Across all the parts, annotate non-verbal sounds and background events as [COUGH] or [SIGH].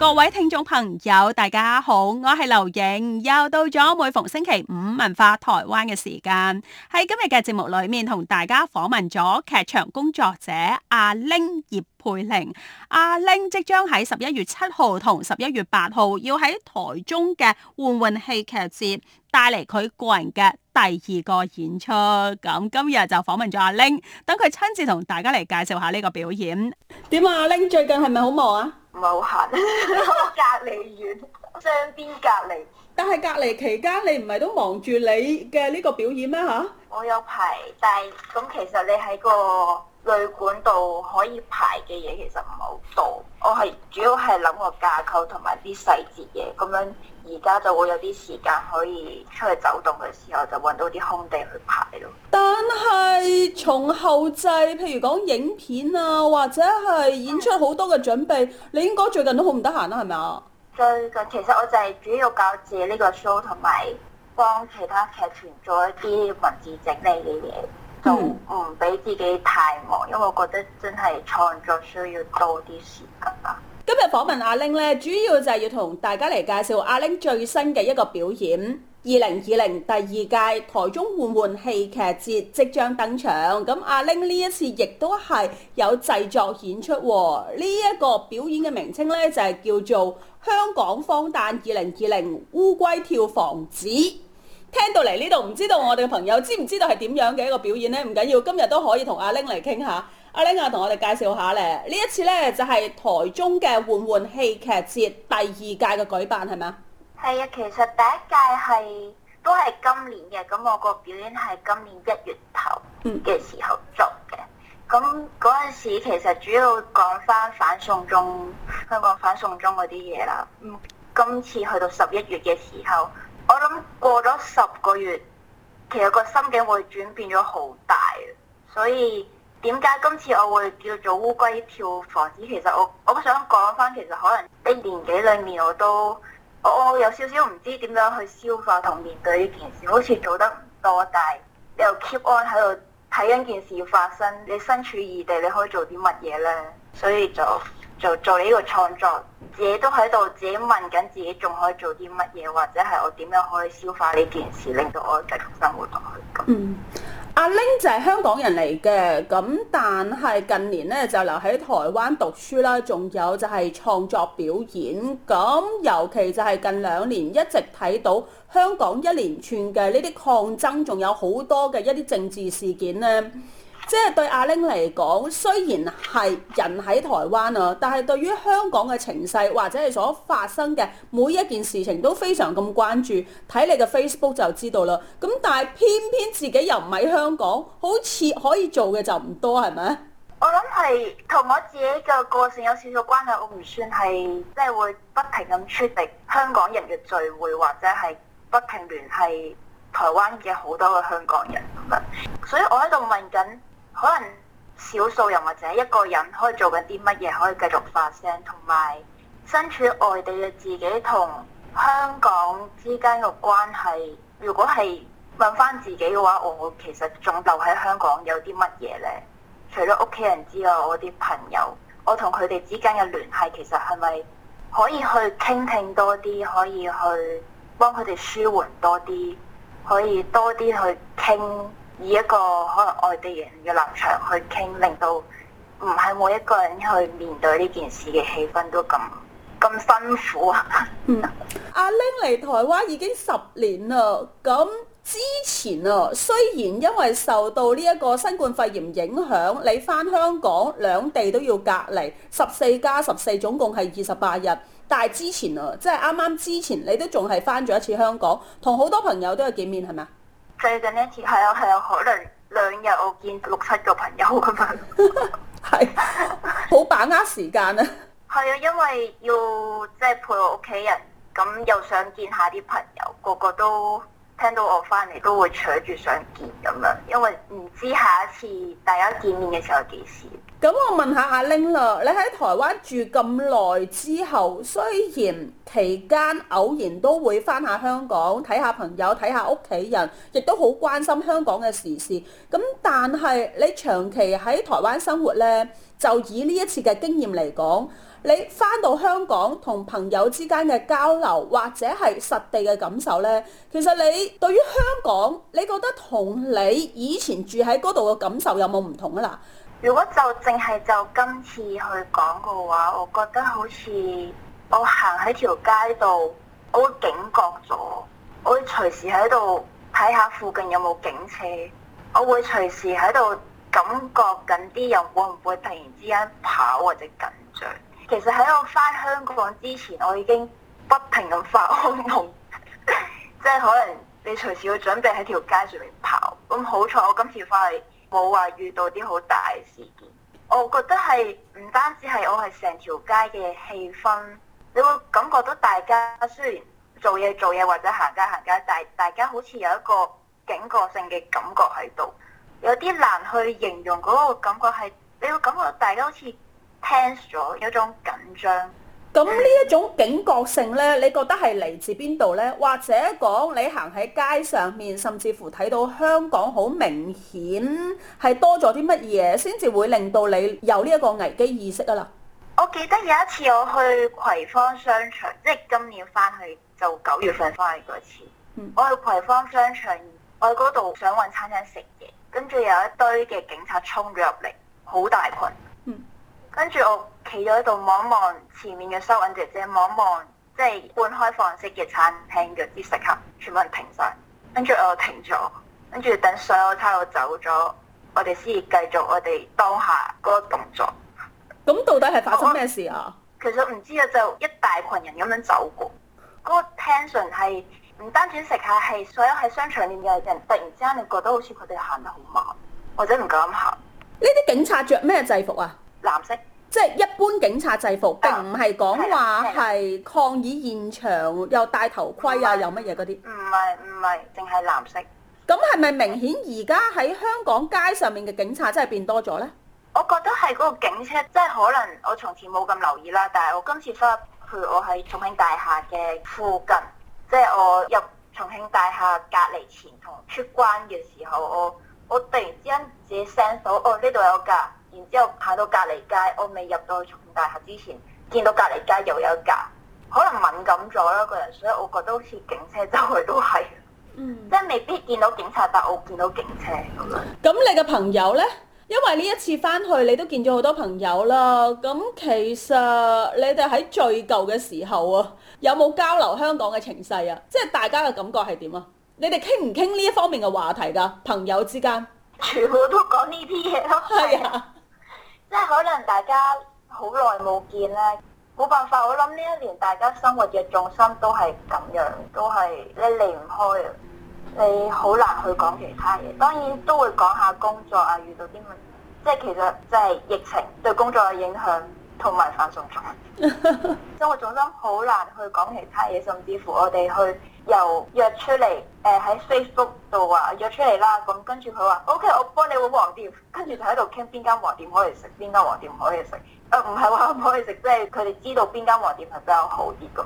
各位聽眾朋友，大家好，我係劉瑩，又到咗每逢星期五文化台灣嘅時間。喺今日嘅節目裏面，同大家訪問咗劇場工作者阿玲葉佩玲。阿玲即將喺十一月七號同十一月八號要喺台中嘅喚喚戲劇節帶嚟佢個人嘅第二個演出。咁今日就訪問咗阿玲，等佢親自同大家嚟介紹下呢個表演。點啊，阿玲最近係咪好忙啊？唔係好閒，不行 [LAUGHS] 隔離遠，雙邊隔離。但係隔離期間，你唔係都忙住你嘅呢個表演咩嚇？我有排，但係咁、嗯、其實你喺個旅館度可以排嘅嘢其實唔係好多。我係主要係諗個架構同埋啲細節嘢咁樣。而家就會有啲時間可以出去走動嘅時候，就揾到啲空地去排咯。但係從後製，譬如講影片啊，或者係演出好多嘅準備，嗯、你應該最近都好唔得閒啦，係咪啊？最近其實我就係主要搞自己呢個 show，同埋幫其他劇團做一啲文字整理嘅嘢，就唔俾自己太忙，因為我覺得真係創作需要多啲時間啊。今日訪問阿玲咧，主要就係要同大家嚟介紹阿玲最新嘅一個表演。二零二零第二屆台中喚喚戲劇節即將登場，咁阿玲呢一次亦都係有製作演出。呢一個表演嘅名稱呢，就係叫做《香港謊誕二零二零烏龜跳房子》。聽到嚟呢度，唔知道我哋嘅朋友知唔知道係點樣嘅一個表演呢？唔緊要，今日都可以同阿玲嚟傾下。阿 ling 啊，同我哋介紹下咧，呢一次咧就係、是、台中嘅喚喚戲劇節第二屆嘅舉辦係咪？係啊，其實第一屆係都係今年嘅，咁我個表演係今年一月頭嘅時候做嘅。咁嗰陣時其實主要講翻反送中，香港反送中嗰啲嘢啦。嗯，今次去到十一月嘅時候，我諗過咗十個月，其實個心境會轉變咗好大，所以。點解今次我會叫做烏龜跳房子？其實我我想講翻，其實可能啲年紀裏面我都我，我有少少唔知點樣去消化同面對呢件事，好似做得唔多但係你又 keep on 喺度睇緊件事要發生。你身處異地，你可以做啲乜嘢呢？所以就就，就做呢個創作，自己都喺度自己問緊自己，仲可以做啲乜嘢，或者係我點樣可以消化呢件事，令到我繼續生活落去咁。阿鈴就係香港人嚟嘅，咁但係近年咧就留喺台灣讀書啦，仲有就係創作表演，咁尤其就係近兩年一直睇到香港一連串嘅呢啲抗爭，仲有好多嘅一啲政治事件呢。即係對阿玲嚟講，雖然係人喺台灣啊，但係對於香港嘅情勢或者係所發生嘅每一件事情都非常咁關注，睇你嘅 Facebook 就知道啦。咁但係偏偏自己又唔喺香港，好似可以做嘅就唔多，係咪？我諗係同我自己嘅個性有少少關係，我唔算係即係會不停咁出席香港人嘅聚會，或者係不停聯繫台灣嘅好多嘅香港人咁樣。所以我喺度問緊。可能少數人或者一個人可以做緊啲乜嘢可以繼續發聲，同埋身處外地嘅自己同香港之間嘅關係。如果係問翻自己嘅話，我其實仲留喺香港有啲乜嘢呢？除咗屋企人之外，我啲朋友，我同佢哋之間嘅聯繫，其實係咪可以去傾聽多啲，可以去幫佢哋舒緩多啲，可以多啲去傾。以一個可能外地人嘅立場去傾，令到唔係每一個人去面對呢件事嘅氣氛都咁咁辛苦啊。 [LAUGHS] 嗯，阿 Ling 嚟台灣已經十年啦。咁之前啊，雖然因為受到呢一個新冠肺炎影響，你返香港兩地都要隔離十四加十四，總共係二十八日。但係之前啊，即係啱啱之前，你都仲係返咗一次香港，同好多朋友都有見面，係咪啊？最近一次係啊，係啊，可能兩日我見六七個朋友咁樣，係好把握時間啊！係啊，因為要即係、就是、陪我屋企人，咁又想見下啲朋友，個個都，聽到我翻嚟都會搶住想見咁樣，因為唔知下一次大家見面嘅時候有幾時。咁、嗯嗯、我問下阿玲啦，你喺台灣住咁耐之後，雖然期間偶然都會翻下香港睇下朋友、睇下屋企人，亦都好關心香港嘅時事。咁、嗯、但係你長期喺台灣生活呢，就以呢一次嘅經驗嚟講，你返到香港同朋友之間嘅交流，或者係實地嘅感受呢？其實你對於香港，你覺得同你以前住喺嗰度嘅感受有冇唔同啊？嗱，如果就淨係就今次去講嘅話，我覺得好似我行喺條街度，我會警覺咗，我會隨時喺度睇下附近有冇警車，我會隨時喺度感覺緊啲人會唔會突然之間跑或者緊張。其實喺我返香港之前，我已經不停咁發空夢，即 [LAUGHS] 係可能你隨時要準備喺條街上面跑。咁好彩我今次翻去冇話遇到啲好大嘅事件。我覺得係唔單止係我，係成條街嘅氣氛，你會感覺到大家雖然做嘢做嘢或者行街行街，但係大家好似有一個警覺性嘅感覺喺度，有啲難去形容嗰個感覺係，你會感覺大家好似。聽咗有種緊張，咁呢一種警覺性呢，你覺得係嚟自邊度呢？或者講你行喺街上面，甚至乎睇到香港好明顯係多咗啲乜嘢，先至會令到你有呢一個危機意識啊！啦，我記得有一次我去葵芳商場，即係今年翻去就九月份翻去嗰次，嗯、我去葵芳商場，我喺嗰度想揾餐廳食嘢，跟住有一堆嘅警察衝咗入嚟，好大群。跟住我企咗喺度望望前面嘅收銀姐姐，望望即係半開放式嘅餐廳嘅啲食客，全部人停晒。跟住我停咗，跟住等所有差佬走咗，我哋先至繼續我哋當下嗰個動作。咁、嗯、到底係發生咩事啊？哦、其實唔知啊，就一大群人咁樣走過，嗰、嗰個 tension 係唔單止食客，係所有喺商場入面嘅人突然之間，你覺得好似佢哋行得好慢，或者唔敢行。呢啲警察着咩制服啊？藍色，即係一般警察制服，並唔係講話係抗議現場、啊、又戴頭盔啊，是又乜嘢嗰啲？唔係唔係，淨係藍色。咁係咪明顯而家喺香港街上面嘅警察真係變多咗呢？我覺得係嗰個警車，即係可能我從前冇咁留意啦，但係我今次翻去我喺重慶大廈嘅附近，即係我入重慶大廈隔離前同出關嘅時候，我我突然之間自己 send 到哦呢度有架。然之後排到隔離街，我未入到重慶大廈之前，見到隔離街又有一架，可能敏感咗啦個人，所以我覺得好似警車周圍都係，嗯，即係未必見到警察，但我見到警車咁、嗯、你嘅朋友呢？因為呢一次翻去，你都見咗好多朋友啦。咁其實你哋喺最舊嘅時候啊，有冇交流香港嘅情勢啊？即係大家嘅感覺係點啊？你哋傾唔傾呢一方面嘅話題㗎？朋友之間全部都講呢啲嘢咯，係啊。即係可能大家好耐冇見咧，冇辦法，我諗呢一年大家生活嘅重心都係咁樣，都係你離唔開啊！你好難去講其他嘢，當然都會講下工作啊，遇到啲問題，即係其實即係疫情對工作嘅影響同埋發生咗 [LAUGHS] 生活重心好難去講其他嘢，甚至乎我哋去。又約出嚟，誒喺 Facebook 度話約出嚟啦，咁、嗯、跟住佢話 OK，我幫你揾黃店，跟住就喺度傾邊間黃店可以食，邊間黃店唔可以食。啊、呃，唔係話唔可以食，即係佢哋知道邊間黃店係比較好啲咁。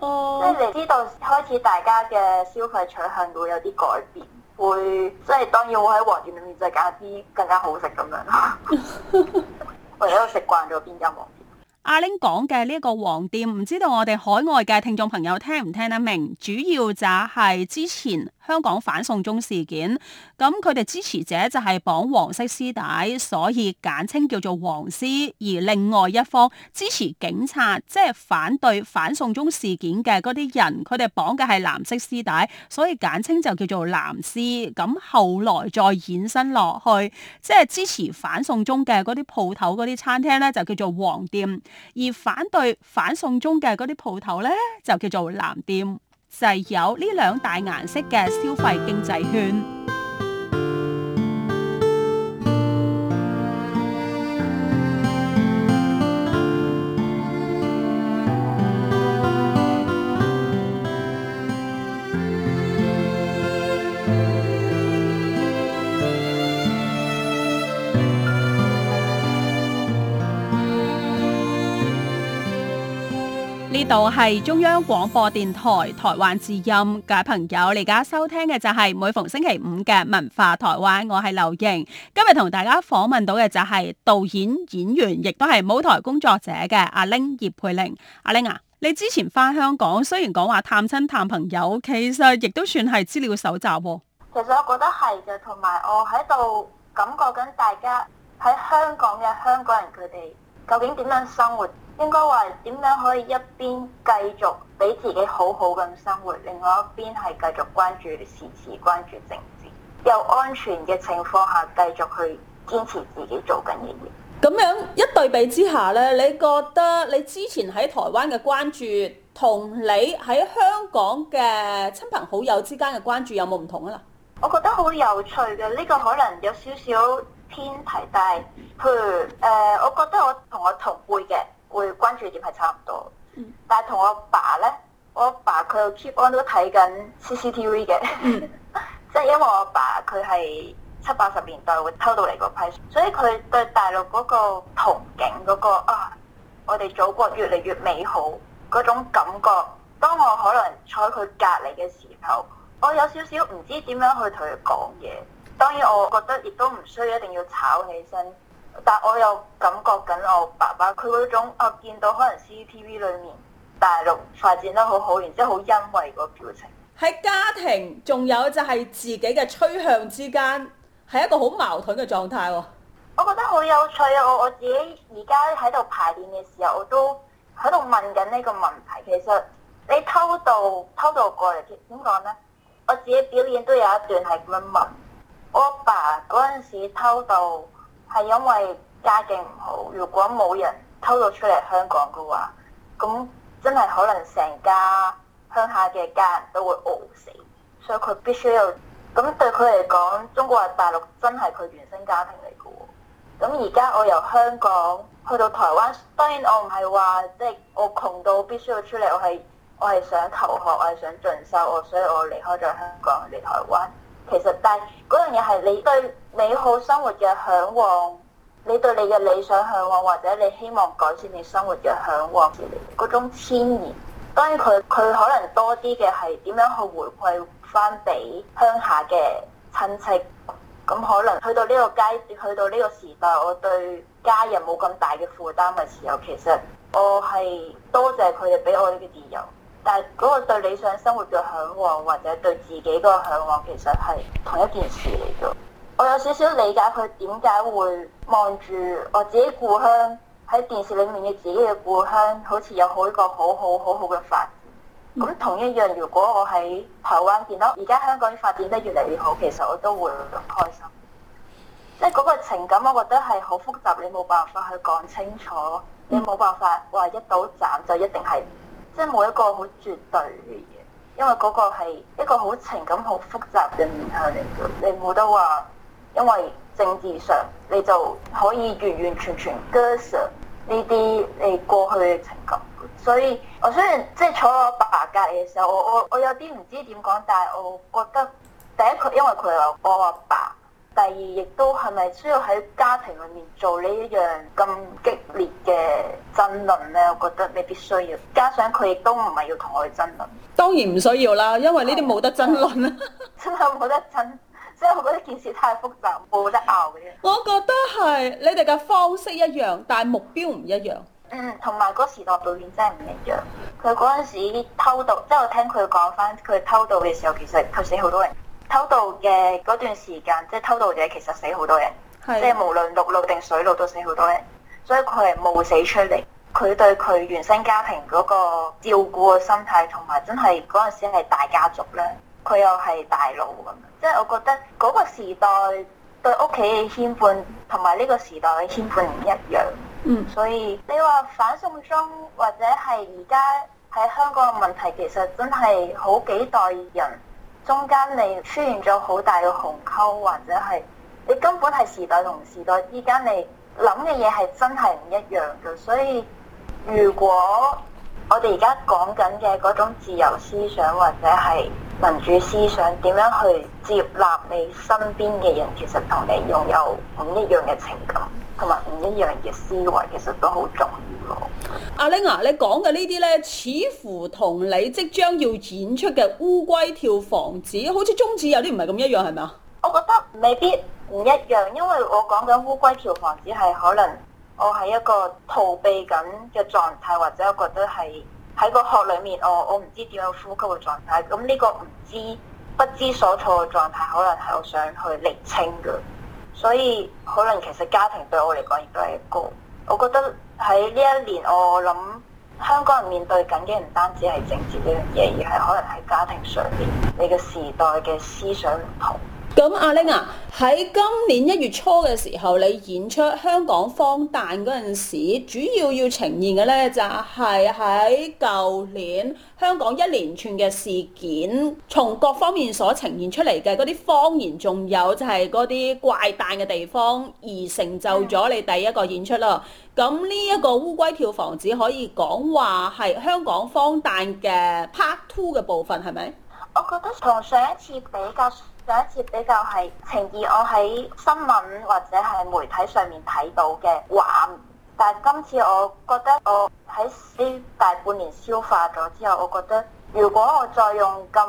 哦、嗯，即係你知道開始大家嘅消費趨向會有啲改變，會即係、就是、當然會喺黃店裏面再揀啲更加好食咁樣。 [LAUGHS] [LAUGHS] [LAUGHS] 我喺都食慣咗邊間黃店。阿玲講嘅呢一個黃店，唔知道我哋海外嘅聽眾朋友聽唔聽得明，主要就係之前。香港反送中事件，咁佢哋支持者就係綁黃色絲帶，所以簡稱叫做黃絲；而另外一方支持警察，即係反對反送中事件嘅嗰啲人，佢哋綁嘅係藍色絲帶，所以簡稱就叫做藍絲。咁後來再衍生落去，即係支持反送中嘅嗰啲鋪頭、嗰啲餐廳呢就叫做黃店；而反對反送中嘅嗰啲鋪頭呢，就叫做藍店。就係有呢兩大顏色嘅消費經濟圈。呢度係中央廣播電臺台灣之音嘅朋友，你而家收聽嘅就係每逢星期五嘅文化台灣，我係劉瑩。今日同大家訪問到嘅就係導演、演員，亦都係舞台工作者嘅阿玲葉佩玲。阿玲啊，你之前翻香港，雖然講話探親探朋友，其實亦都算係資料搜集啊。其實我覺得係嘅，同埋我喺度感覺緊大家喺香港嘅香港人，佢哋究竟點樣生活？應該話點樣可以一邊繼續俾自己好好咁生活，另外一邊係繼續關注時事、關注政治，又安全嘅情況下繼續去堅持自己做緊嘅嘢。咁樣一對比之下呢，你覺得你之前喺台灣嘅關注，同你喺香港嘅親朋好友之間嘅關注有冇唔同啊？啦，我覺得好有趣嘅呢、這個，可能有少少偏題，但係譬如誒、呃，我覺得我同我同輩嘅。會關注點係差唔多，但係同我爸呢，我爸佢 keep on 都睇緊 CCTV 嘅，即 [LAUGHS] 係因為我爸佢係七八十年代會偷渡嚟嗰批，所以佢對大陸嗰個憧憬嗰個啊，我哋祖國越嚟越美好嗰種感覺。當我可能坐佢隔離嘅時候，我有少少唔知點樣去同佢講嘢。當然，我覺得亦都唔需要一定要炒起身。但我又感覺緊我爸爸佢嗰種，我見到可能 CCTV 裏面大陸發展得好好，然之後好欣慰個表情。喺家庭仲有就係自己嘅趨向之間，係一個好矛盾嘅狀態喎。我覺得好有趣啊！我自己而家喺度排練嘅時候，我都喺度問緊呢個問題。其實你偷渡偷渡過嚟點講呢？我自己表演都有一段係咁樣問我爸嗰陣時偷渡。係因為家境唔好，如果冇人偷渡出嚟香港嘅話，咁真係可能成家鄉下嘅家人都會餓死，所以佢必須要。咁對佢嚟講，中國大陸真係佢原生家庭嚟嘅喎。咁而家我由香港去到台灣，當然我唔係話即係我窮到必須要出嚟，我係我係想求學，我係想進修，我所以我離開咗香港嚟台灣，其實，但係嗰樣嘢係你對美好生活嘅向往，你對你嘅理想向往，或者你希望改善你生活嘅向往，嗰種遷移。當然，佢佢可能多啲嘅係點樣去回饋翻俾鄉下嘅親戚。咁、嗯、可能去到呢個階段，去到呢個時代，我對家人冇咁大嘅負擔嘅時候，其實我係多謝佢哋俾我呢個自由。但係嗰個對理想生活嘅向往，或者對自己個向往，其實係同一件事嚟嘅。我有少少理解佢點解會望住我自己故鄉，喺電視裡面嘅自己嘅故鄉，好似有好一個好好好好嘅發展。咁、mm. 同一樣，如果我喺台灣見到而家香港發展得越嚟越好，其實我都會開心。即係嗰個情感，我覺得係好複雜，你冇辦法去講清楚，你冇辦法話一到斬就一定係。即係冇一個好絕對嘅嘢，因為個係一個好情感好複雜嘅面向嚟嘅，你冇得話，因為政治上你就可以完完全全割捨呢啲你過去嘅情感。所以我雖然即係坐我爸隔離嘅時候，我我我有啲唔知點講，但係我覺得第一佢因為佢話我阿爸。而亦都係咪需要喺家庭裏面做呢一樣咁激烈嘅爭論呢？我覺得你必須要，加上佢亦都唔係要同我哋爭論。當然唔需要啦，因為呢啲冇得爭論啦。 [LAUGHS] 真係冇得爭，即係我覺得件事太複雜，冇得拗嘅。我覺得係你哋嘅方式一樣，但係目標唔一樣。嗯，同埋嗰時代表現真係唔一樣。佢嗰陣時偷渡，即係我聽佢講翻，佢偷渡嘅時候其實佢死好多人。偷渡嘅嗰段時間，即係偷渡者其實死好多人，的即係無論陸路定水路都死好多人，所以佢係冒死出嚟。佢對佢原生家庭嗰個照顧嘅心態，同埋真係嗰陣時係大家族咧，佢又係大佬咁。即係我覺得嗰個時代對屋企嘅牽絆，同埋呢個時代嘅牽絆唔一樣。嗯，所以你話反送中或者係而家喺香港嘅問題，其實真係好幾代人。中間你出現咗好大嘅鴻溝，或者係你根本係時代同時代，依家你諗嘅嘢係真係唔一樣嘅，所以如果我哋而家講緊嘅嗰種自由思想，或者係。民主思想點樣去接納你身邊嘅人？其實同你擁有唔一樣嘅情感，同埋唔一樣嘅思維，其實都好重要。阿玲啊，你講嘅呢啲呢，似乎同你即將要演出嘅烏龜跳房子，好似宗旨有啲唔係咁一樣，係咪啊？我覺得未必唔一樣，因為我講緊烏龜跳房子係可能我係一個逃避緊嘅狀態，或者我覺得係。喺個殼裏面，我我唔知點樣有呼吸嘅狀態，咁呢個唔知不知所措嘅狀態，可能係我想去釐清嘅，所以可能其實家庭對我嚟講亦都係一個，我覺得喺呢一年我諗香港人面對緊嘅唔單止係政治呢樣嘢，而係可能喺家庭上面，你嘅時代嘅思想唔同。咁阿玲啊，喺今年一月初嘅時候，你演出香港荒誕嗰陣時，主要要呈現嘅咧就係喺舊年香港一連串嘅事件，從各方面所呈現出嚟嘅嗰啲謊言，仲有就係嗰啲怪誕嘅地方，而成就咗你第一個演出咯，咁呢一個烏龜跳房子可以講話，係香港荒誕嘅 part two 嘅部分，係咪？我覺得同上一次比較。上一次比較係情意。我喺新聞或者係媒體上面睇到嘅話，但今次我覺得我喺呢大半年消化咗之後，我覺得如果我再用咁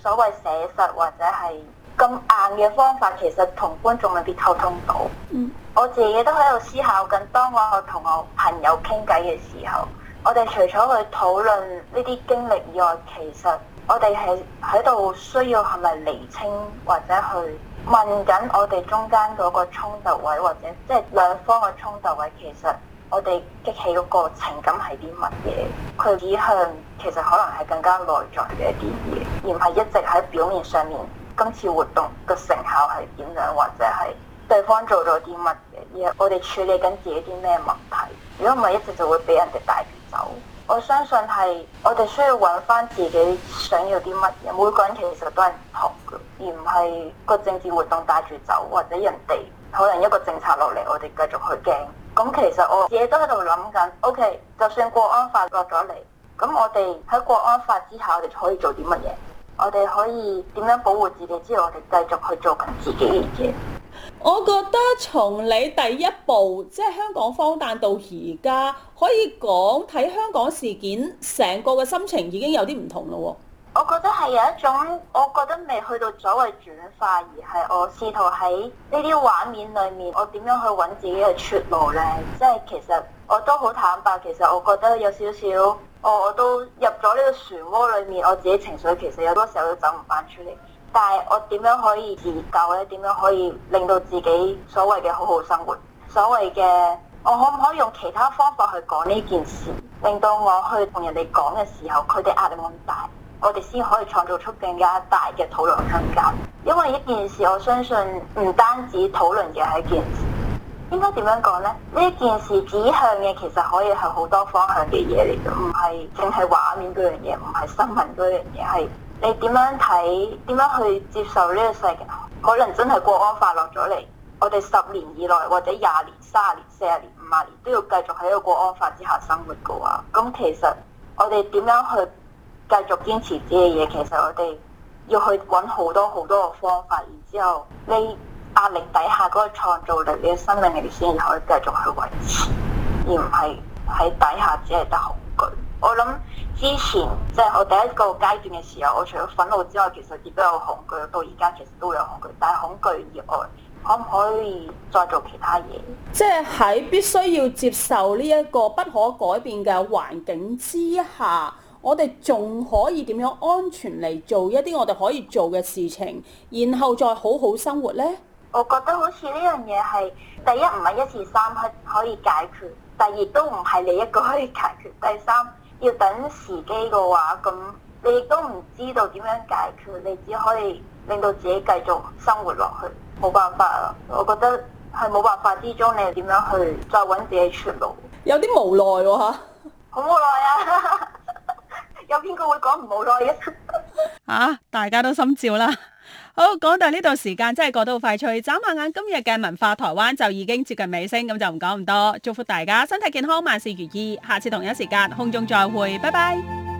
所謂寫實或者係咁硬嘅方法，其實同觀眾未必溝通到。嗯，我自己都喺度思考緊，當我同我朋友傾偈嘅時候，我哋除咗去討論呢啲經歷以外，其實。我哋係喺度需要係咪厘清，或者去問緊我哋中間嗰個衝突位，或者即係兩方嘅衝突位，其實我哋激起個情感係啲乜嘢？佢指向其實可能係更加內在嘅一啲嘢，而唔係一直喺表面上面。今次活動嘅成效係點樣，或者係對方做咗啲乜嘢，而我哋處理緊自己啲咩問題，如果唔係一直就會俾人哋帶走。我相信係我哋需要揾翻自己想要啲乜嘢。每個人其實都係唔同嘅，而唔係個政治活動帶住走，或者人哋可能一個政策落嚟，我哋繼續去驚。咁其實我自己都喺度諗緊。OK，就算國安法落咗嚟，咁我哋喺國安法之下，我哋可以做啲乜嘢？我哋可以點樣保護自己？之後我哋繼續去做緊自己嘅嘢。我覺得從你第一部，即係香港荒誕到而家，可以講睇香港事件成個嘅心情已經有啲唔同咯。我覺得係有一種，我覺得未去到所謂轉化，而係我試圖喺呢啲畫面裡面，我點樣去揾自己嘅出路呢？即係其實我都好坦白，其實我覺得有少少，我、哦、我都入咗呢個漩渦裡面，我自己情緒其實有多時候都走唔翻出嚟。但係我點樣可以自救呢？點樣可以令到自己所謂嘅好好生活？所謂嘅我可唔可以用其他方法去講呢件事，令到我去同人哋講嘅時候，佢哋壓力咁大，我哋先可以創造出更加大嘅討論空間。因為一件事，我相信唔單止討論嘅係一件事，應該點樣講呢？呢件事指向嘅其實可以係好多方向嘅嘢嚟，嘅，唔係淨係畫面嗰樣嘢，唔係新聞嗰樣嘢，係。你點樣睇？點樣去接受呢個世界？可能真係國安法落咗嚟，我哋十年以內或者廿年、卅年、四十年、五十年都要繼續喺一個國安法之下生活嘅話，咁其實我哋點樣去繼續堅持自己嘅嘢？其實我哋要去揾好多好多個方法，然之後你壓力底下嗰個創造力、你嘅生命力先可以繼續去維持，而唔係喺底下只係得好。我諗之前即係、就是、我第一個階段嘅時候，我除咗憤怒之外，其實亦都有恐懼。到而家其實都有恐懼，但係恐懼以外，可唔可以再做其他嘢？即係喺必須要接受呢一個不可改變嘅環境之下，我哋仲可以點樣安全嚟，做一啲我哋可以做嘅事情，然後再好好生活呢？我覺得好似呢樣嘢，係第一唔係一時三刻可以解決，第二都唔係你一個可以解決，第三。要等時機嘅話，咁你亦都唔知道點樣解決，你只可以令到自己繼續生活落去，冇辦法啦。我覺得係冇辦法之中，你點樣去再揾自己出路？有啲無奈喎、啊、 [LAUGHS] 好無奈啊！ [LAUGHS] 有邊個會講唔無奈 [LAUGHS] 啊？大家都心照啦～好，講到呢度時間真係過到快脆，眨下眼，今日嘅文化台灣就已經接近尾聲，咁就唔講咁多，祝福大家身體健康，萬事如意，下次同一時間，空中再會，拜拜。